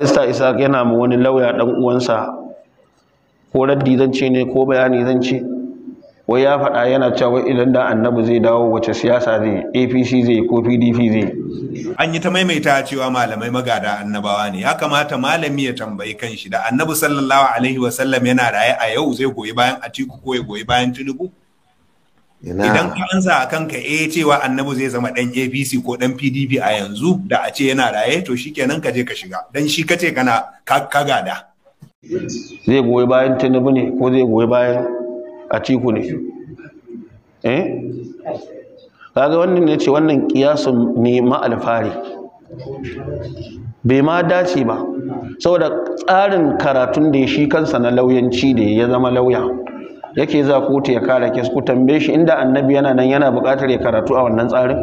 mr Isaac yana ma wani lauya dan uwansa ko raddi zan ce ne ko bayani zan ce wai ya faɗa yana cewa idan da annabi zai dawo wace siyasa zai APC zai ko PDP zai an yi ta maimaita cewa malamai magada annabawa ne ya kamata malami ya tambayi kanshi da annabi sallallahu alaihi sallam yana raye a yau zai goyi bayan Atiku ko ya goyi bayan Tinubu idan ka ansa a kanka eh cewa annabi zai zama dan apc ko dan pdp a yanzu da a ce yana raye to shikenan ka je ka shiga dan shi kace kana ka gada zai goyi bayan tinubu ne ko zai goyi bayan atiku ne eh kaga wannan ne ce wannan kiyasun ne ma alfari bai ma dace ba saboda tsarin karatun da shi kansa na lauyanci da ya zama lauya yake za kotu ya kare kes ku tambaye shi inda annabi yana nan yana buƙatar ya karatu a wannan tsarin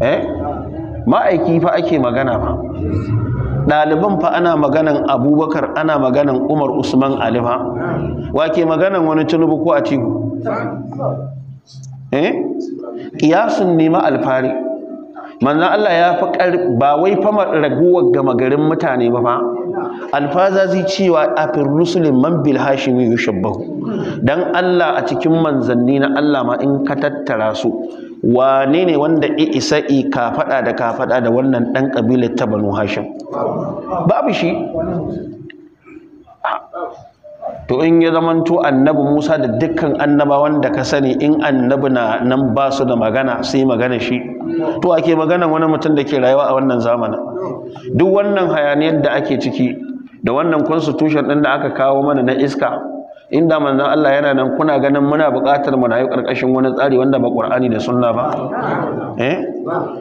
eh ma'aiki fa ake magana ba ɗaliban fa ana maganan abubakar ana maganan umar usman alifa wa ke maganan wani tunubu ko a tigu eh kiyasun nema alfari manzon Allah ya kar ba wai fa raguwar gama garin mutane ba fa alfaza zai cewa afir rusulin man bil hashimi yushabbahu dan Allah a cikin manzanni na Allah ma in ka tattara su wane ne wanda i isa i ka fada da ka fada da wannan dan kabilar ta banu hashim babu shi to in ya zamanto annabi Musa da dukkan annabawan da ka sani in annabi na nan ba su da magana sai magana shi to ake magana wani mutum da ke rayuwa a wannan zamanin duk wannan hayaniyar da ake ciki da wannan constitution din da aka kawo mana na iska inda manzon Allah yana nan kuna ganin muna buƙatar mu rayu ƙarƙashin wani tsari wanda ba Qur'ani da Sunna ba eh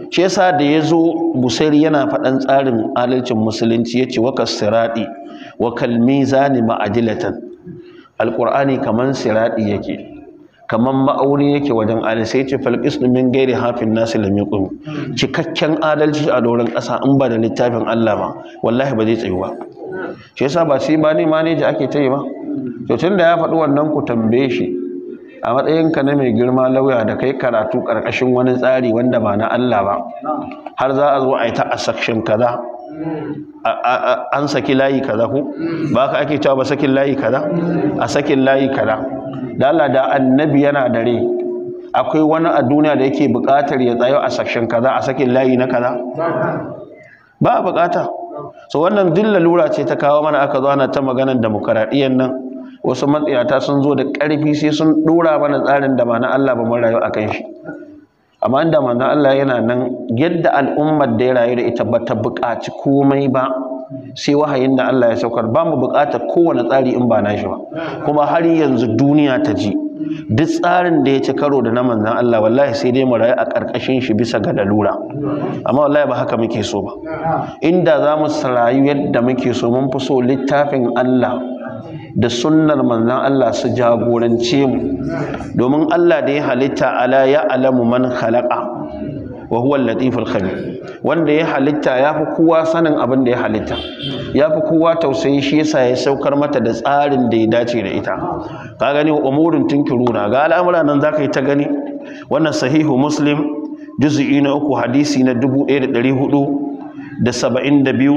shi yasa da yazo Busairi yana faɗan tsarin adalcin musulunci yace wa kasiradi wa kalmizani ma'adilatan alƙur'ani kamar siradi yake kaman ma'auni yake wajen adalci sai ce falqis min gairi hafin nasu lam yuqum cikakken adalci a doron ƙasa in ba da littafin Allah ba wallahi ba zai tsayu ba shi yasa ba sai ba ne maneji ake ta yi ba to da ya faɗi wannan ku tambaye shi a matsayinka na mai girma lauya da kai karatu ƙarƙashin wani tsari wanda ba na Allah ba har za a zo a yi ta a kaza an saki layi kaza ko ba ka ake cewa ba sakin layi kaza a sakin layi kaza da Allah da annabi yana dare akwai wani a duniya da yake buƙatar ya tsayo a sashen kaza a sakin layi na kaza ba a buƙata so wannan dilla lura ce ta kawo mana aka zo ana ta maganar demokaradiyyar nan wasu matsiyata sun zo da ƙarfi sai sun ɗora mana tsarin da ma na Allah ba mun rayu a shi amma inda manzon Allah yana nan yadda al'ummar da ya rayu da ita ba ta buƙaci komai ba sai wahayin da Allah ya saukar ba mu buƙatar kowane tsari in ba nashi ba kuma har yanzu duniya ta ji duk tsarin da ya ci karo da na manzan Allah wallahi sai dai mu rayu a ƙarƙashin shi bisa ga dalura amma wallahi ba haka muke so ba inda za mu rayu yadda muke so mun fi so littafin Allah da sunnar manzan Allah su jagorance mu domin Allah da ya halitta ala ya alamu man khalaqa wa huwa al-latiful khabir wanda ya halitta yafi kowa sanin abin da ya halitta yafi kowa tausayi shi yasa ya saukar mata da tsarin da ya dace da ita ka gani umurin tunkiruna ga al'amura nan zaka yi ta gani wannan sahihu muslim juz'i na uku hadisi na 1472